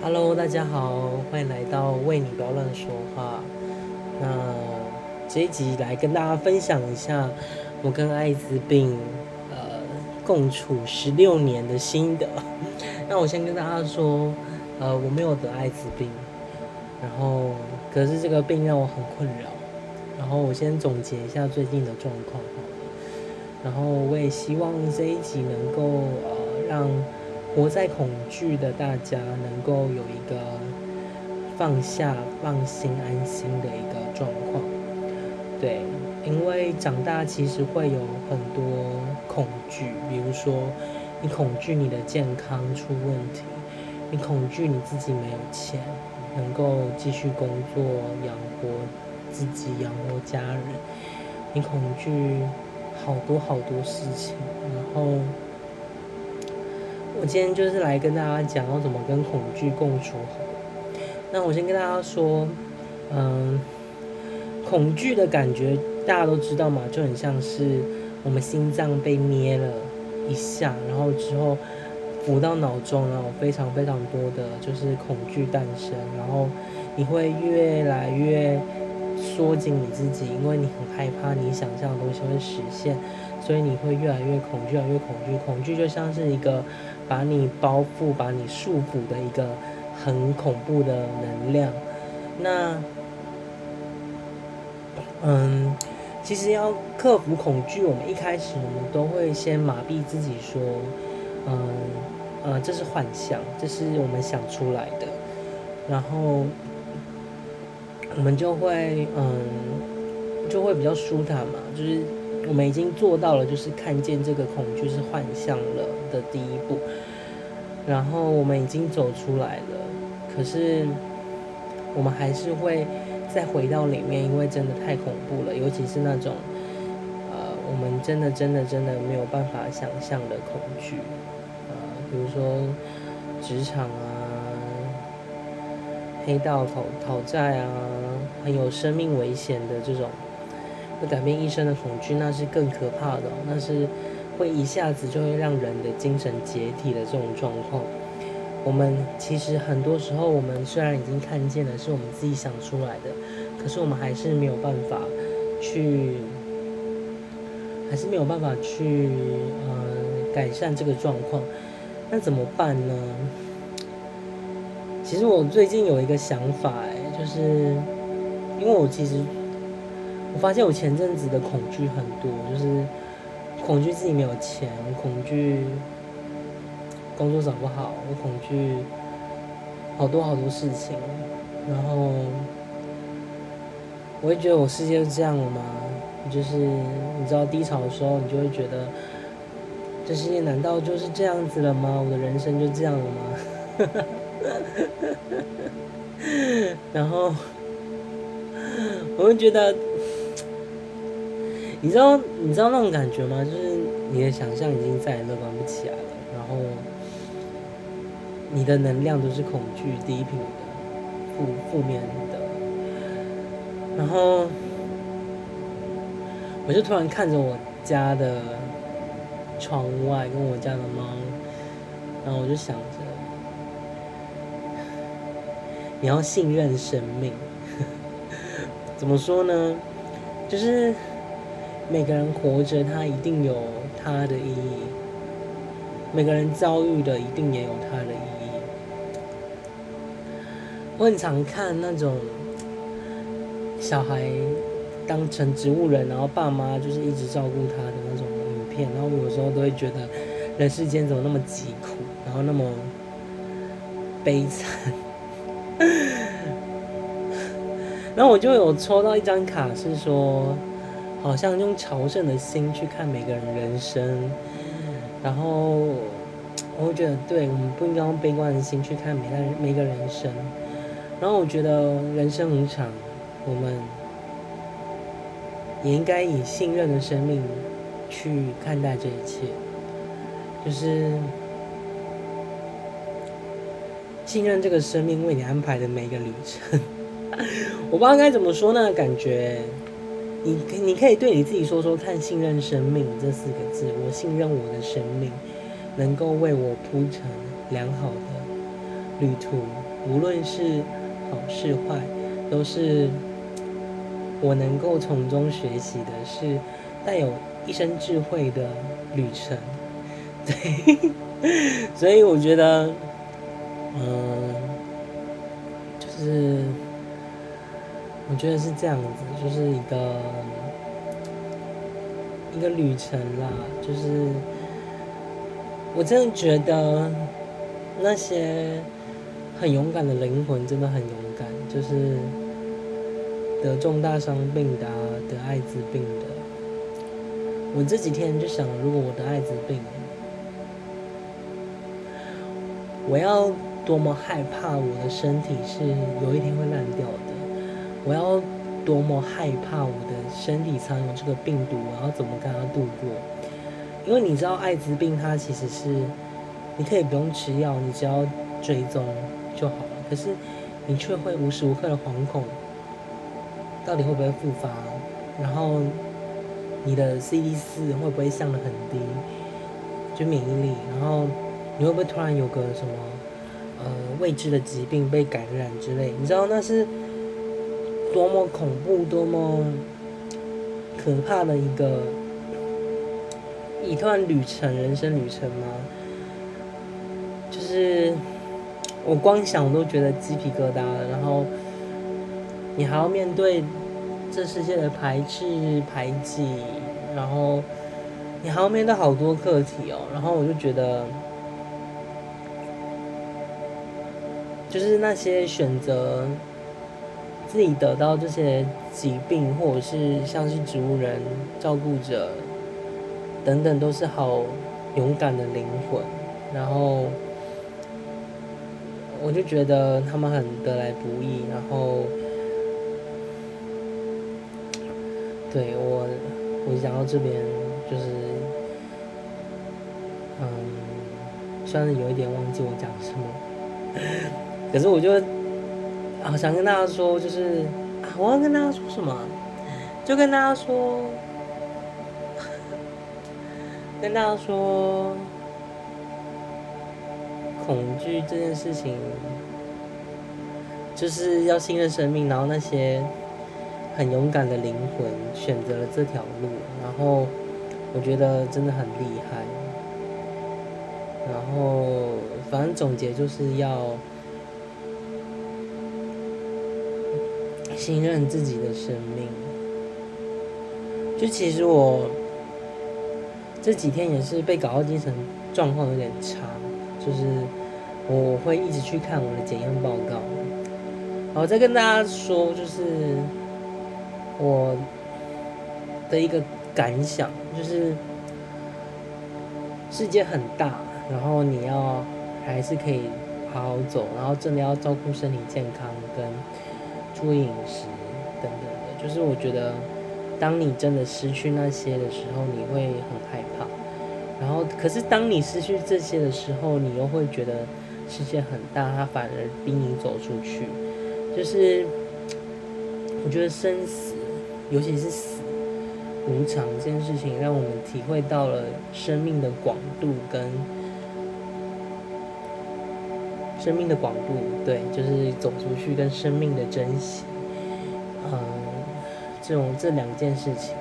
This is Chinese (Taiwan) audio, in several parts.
哈嘍，Hello, 大家好，歡迎來到為你不要亂說話。那這一集來跟大家分享一下我跟艾滋病呃共處十六年的心得。 那我先跟大家說，呃，我沒有得艾滋病，然後可是這個病讓我很困擾。然後我先總結一下最近的狀況，然後我也希望這一集能夠呃讓。活在恐懼的大家，能夠有一個放下、放心、安心的一個狀況。對，因為長大其實會有很多恐懼，比如說你恐懼你的健康出問題，你恐懼你自己沒有錢能夠繼續工作養活自己、養活家人，你恐懼好多好多事情，然後。我今天就是來跟大家講要怎麼跟恐懼共處。好，那我先跟大家說，嗯，恐懼的感覺大家都知道嘛，就很像是我們心臟被捏了一下，然後之後浮到腦中，然後非常非常多的就是恐懼誕生，然後你會越來越縮緊你自己，因為你很害怕你想象的東西會實現，所以你會越來越恐懼，越來越恐懼。恐懼就像是一個。把你包覆、把你束縛的一個很恐怖的能量，那，嗯，其實要克服恐懼，我們一開始我們都會先麻痹自己，說，嗯呃、嗯，這是幻想，這是我們想出來的，然後我們就會，嗯，就會比較舒坦嘛，就是。我們已經做到了，就是看見這個恐懼是幻象了的第一步，然後我們已經走出來了，可是我們還是會再回到裡面，因為真的太恐怖了，尤其是那種呃，我們真的真的真的沒有辦法想象的恐懼，啊，比如說職場啊，黑道討討債啊，很有生命危險的這種。會改變一生的恐懼，那是更可怕的喔，那是會一下子就會讓人的精神解體的這種狀況。我們其實很多時候，我們雖然已經看見了，是我們自己想出來的，可是我們還是沒有辦法去，還是沒有辦法去，嗯，改善這個狀況。那怎麼辦呢？其實我最近有一個想法欸，就是因為我其實。我發現我前陣子的恐懼很多，就是恐懼自己沒有錢，恐懼工作找不好，我恐懼好多好多事情。然後，我會覺得我世界就這樣了嗎？就是你知道低潮的時候，你就會覺得這世界難道就是這樣子了嗎？我的人生就這樣了嗎？ 然後，我會覺得。你知道，你知道那種感覺嗎？就是你的想象已經再也樂觀不起來了，然後你的能量都是恐懼、低頻的、負負面的，然後我就突然看着我家的窗外跟我家的貓，然後我就想着，你要信任生命， 怎麼說呢？就是。每個人活着，他一定有他的意義。每個人遭遇的，一定也有他的意義。我很常看那種小孩當成植物人，然後爸媽就是一直照顧他的那種影片，然後我有時候都會覺得人世間怎麼那麼疾苦，然後那麼悲慘。 然後我就有抽到一張卡，是說。好像用朝聖的心去看每個人人生，然後我會覺得，對，我們不應該用悲觀的心去看每代每個人生。然後我覺得人生無常，我們也應該以信任的生命去看待這一切，就是信任這個生命為你安排的每一個旅程。 我不知道該怎麼說呢，感覺。你你可以對你自己說說看，信任生命這四個字，我信任我的生命，能夠為我鋪成良好的旅途，無論是好是壞，都是我能夠從中學習的，是帶有一生智慧的旅程。對，所以我覺得，嗯，就是。我覺得是這樣子，就是一個一個旅程啦。就是我真的覺得那些很勇敢的靈魂真的很勇敢，就是得重大傷病的啊，得艾滋病的。我這幾天就想，如果我得艾滋病，我要多麼害怕我的身體是有一天會爛掉的。我要多麼害怕我的身體藏有這個病毒，然後怎麼跟它度過？因為你知道艾滋病它其實是你可以不用吃藥，你只要追蹤就好了。可是你卻會無時無刻的惶恐，到底會不會復發？然後你的 CD 四會不會降的很低，就免疫力？然後你會不會突然有個什麼呃未知的疾病被感染之類？你知道那是。多麼恐怖，多麼可怕的一個一段旅程，人生旅程嗎？就是我光想都覺得雞皮疙瘩了。然後你還要面對這世界的排斥、排擠，然後你還要面對好多課題哦、喔。然後我就覺得，就是那些選擇。自己得到這些疾病，或者是像是植物人、照顧者等等，都是好勇敢的靈魂。然後我就覺得他們很得來不易。然後對我，我想到這邊就是，嗯，雖然有一點忘記我講什麼。可是我就。啊，我想跟大家說，就是啊，我要跟大家說什麼？就跟大家說，呵呵跟大家說，恐懼這件事情，就是要信任生命。然後那些很勇敢的靈魂選擇了這條路，然後我覺得真的很厲害。然後，反正總結就是要。信任自己的生命。就其實我這幾天也是被搞到精神狀況有點差，就是我會一直去看我的檢驗報告。好，我再跟大家說，就是我的一個感想，就是世界很大，然後你要還是可以好好走，然後真的要照顧身體健康跟。做飲食等等的，就是我覺得，當你真的失去那些的時候，你會很害怕。然後，可是當你失去這些的時候，你又會覺得世界很大，它反而逼你走出去。就是，我覺得生死，尤其是死，無常這件事情，讓我們體會到了生命的廣度跟。生命的廣度，對，就是走出去跟生命的珍惜，嗯，這種這兩件事情，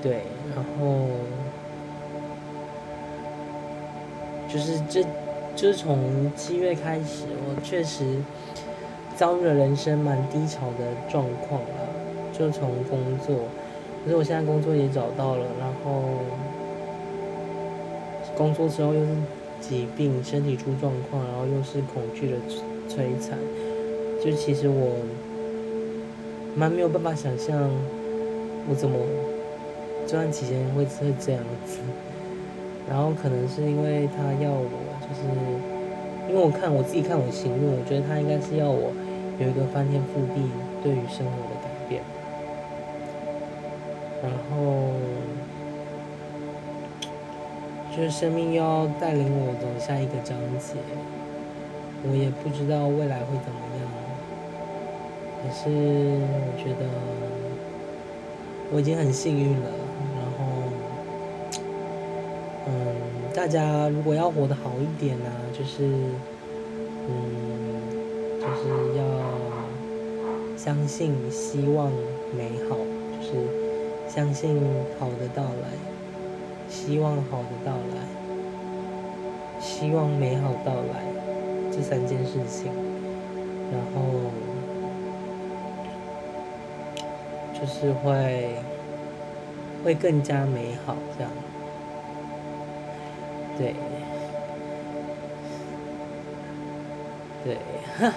對，然後就是這，就是就就從七月開始，我確實遭遇了人生蠻低潮的狀況了，就從工作，可是我現在工作也找到了，然後工作之後又是。疾病，身體出狀況，然後又是恐懼的摧殘，就其實我蠻沒有辦法想象，我怎麼這段期間會是會這樣子。然後可能是因為他要我，就是因為我看我自己看我行為，我覺得他應該是要我有一個翻天覆地對於生活的改變，然後。就是生命要帶領我走下一個章節，我也不知道未來會怎麼樣。可是我覺得我已經很幸運了。然後，嗯，大家如果要活得好一點呢、啊，就是，嗯，就是要相信、希望、美好，就是相信好的到來。希望好的到來，希望美好到來，這三件事情，然後就是會會更加美好這樣子，對，對，哈。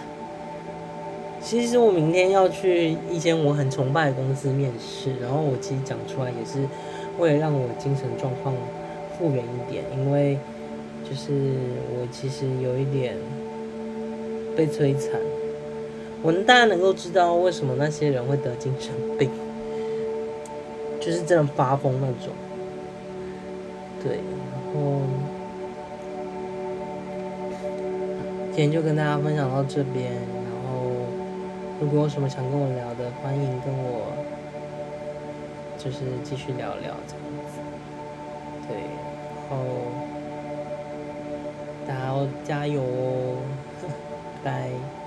其實我明天要去一間我很崇拜的公司面試，然後我其實講出來也是為了讓我精神狀況復原一點，因為就是我其實有一點被摧殘。我大概能夠知道為什麼那些人會得精神病，就是這樣發瘋那種。對，然後今天就跟大家分享到這邊。如果有什麼想跟我聊的，歡迎跟我，就是繼續聊聊這樣子。對，然後大家加油哦，拜拜。